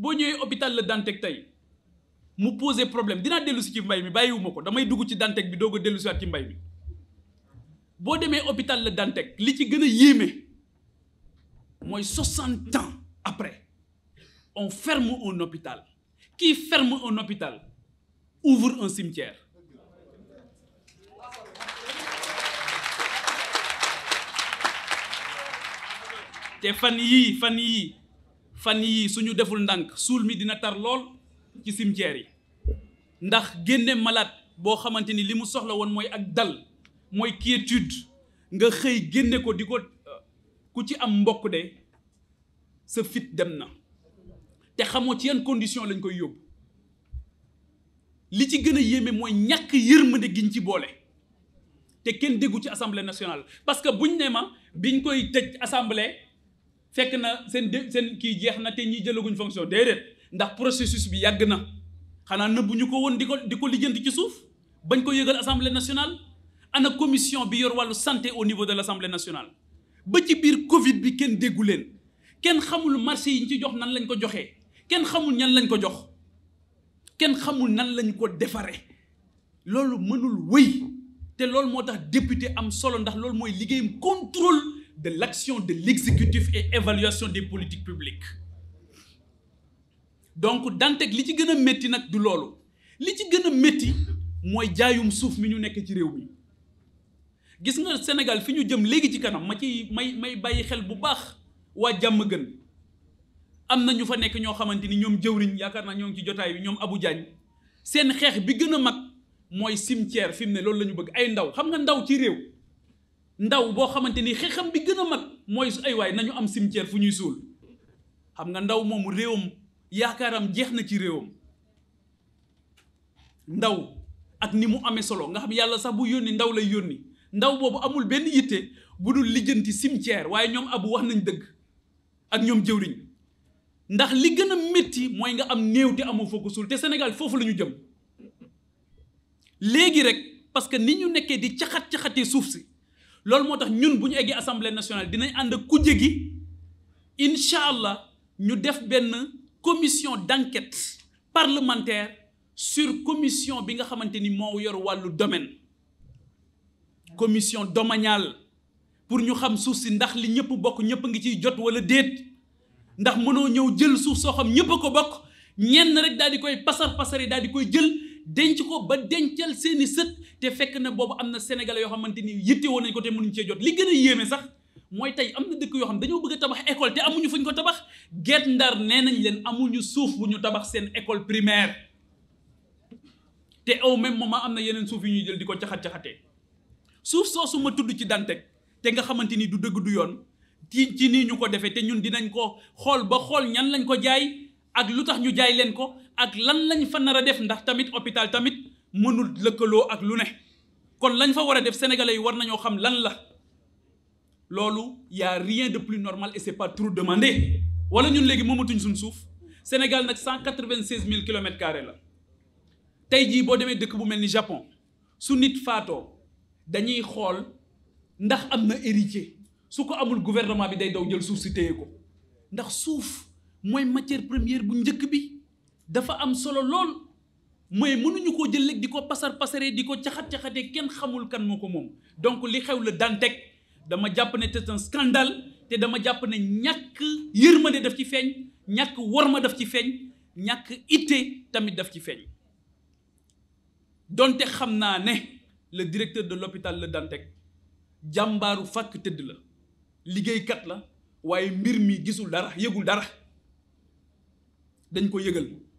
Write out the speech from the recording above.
boo ñëwee hôpital la Dantec tey mu posé problème dinaa dellu si ci mbay mi bàyyiwuma ko damay dugg ci Dantec bi doog a dellu waat ci mbay mi boo demee hôpital la Dantec li ci gën a yéeme mooy 60 ans après on ferme un hôpital qui ferme un hôpital ouvre un cimetière te fan yii fan yii fan yii suñu deful ndànk suul mi dina tar lool ci cimetière yi ndax génne malaat boo xamante ni li mu soxla woon mooy ak dal mooy quiétude nga xëy génne ko di ko ku ci am mbokk de sa fit dem na te xamoo ci yan condition lañ koy yóbbu li ci gën a yéeme mooy ñàkk yërmande giñ ci boole te kenn déggu ci assemblée nationale parce que buñ ne ma biñ koy tëj assemblée fekk na seen dé seen kii jeex na te ñiy jëlaguñ fonction déedéet ndax processus bi yàgg na xanaa nëbbu ñu ko woon di ko di ko lijjanti ci suuf bañ ko yëgal assemblée nationale ana commission bi yor wàllu santé au niveau de l' assemblée nationale. ba ci biir Covid bi kenn déggu leen kenn xamul marché yi ñu ci jox nan lañ ko joxee kenn xamul ñan lañ ko jox kenn xamul nan lañ ko defaree loolu mënul wéy te loolu moo tax député am solo ndax loolu mooy liggéeyam de l'action de l'exécutif et évaluation des politiques publiques donc Dantec li ci gën a métti nag du loolu li ci gën a métti mooy jaayum suuf mi ñu nekk ci réew mi gis nga Sénégal fi ñu jëm léegi ci kanam ma ciy may may bàyyi xel bu baax waa jàmm gën am na ñu fa nekk ñoo xamante ni ñoom jëwriñ yaakaar naa ñoo ngi ci jotaay bi ñoom Abou Diagne seen xeex bi gën a mag mooy cimetière fi mu ne loolu la ñu bëgg ay ndaw xam nga ndaw ci réew ndaw boo xamante ni xeexam bi gën a mag mooy ay waay nañu am cimetière fu ñuy suul xam nga ndaw moomu réewam yaakaaram jeex na ci réewam ndaw ak ni mu amee solo nga xam yàlla sax bu yónni ndaw lay yónni ndaw boobu amul benn yitte bu dul lijjanti cimetière waaye ñoom abu wax nañ dëgg ak ñoom jëwriñ ndax li gën a métti mooy nga am néew te amoo foo suul te Sénégal foofu lañu jëm léegi rek parce que ni ñu nekkee di caxat caxatee suuf si. loolu moo tax ñun bu ñu eggee assemblée nationale dinañ ànd ak kuje gi incha allah ñu def benn commission d'enquête parlementaire sur commission bi nga xamante ni moo yoru wàllu domaine commission domaniale pour ñu xam suuf si ndax li ñëpp bokk ñëpp ngi ciy jot wala déet ndax mënoo ñëw jël suuf soo xam ñëpp ko bokk ñenn rek daal di koy pasar pasar yi daal di koy jël. denc ko ba dencal seeni sët te fekk na boobu am na sénégal yoo xamante ni yitte woon nañ ko te mënuñ cee jot li gën a yéeme sax mooy tey am na dëkk yoo xam dañoo bëgg a tabax école te amuñu fuñ ko tabax Guet Ndar nee nañ leen amuñu suuf bu ñu tabax seen école primaire te au même am na yeneen suuf yu ñuy jël di ko caxat-caxatee suuf soosu ma tudd ci Dantec te nga xamante ni du dëgg du yoon ci ci nii ñu ko defee te ñun dinañ ko xool ba xool ñan lañ ko jaay ak lu tax ñu jaay leen ko ak lan lañ fa nar a def ndax tamit hôpital tamit mënul lëkkaloo ak lu ne kon lañ fa war a def sénégalais yi war nañoo xam lan la loolu yaa rien de plus normal et c'est pas trop demandé wala ñun léegi moomatuñ suñ suuf Sénégal nag cent quatre-vingt-seize mille kilomètres carrés la tey jii boo demee dëkk bu mel ni Japon su nit faatoo dañuy xool ndax am na héritier su ko amul gouvernement bi day daw jël suuf si téye ko ndax suuf mooy matière première bu njëkk bi dafa am solo lool mooy mënuñu koo jël léegi di ko pasar pasaree di ko caxat-caxatee kenn xamul kan moo ko moom donc li xew la Dantec dama jàpp ne c'est un scandale te dama jàpp ne ñàkk yërmande daf ci feeñ ñàkk ma daf ci feeñ ñàkk itte tamit daf ci feeñ donte xam naa ne le directeur de l'hôpital la Dantec jàmbaaru fàkk tëdd la liggéeykat la waaye mbir mi gisul dara yëgul dara dañ ko yëgal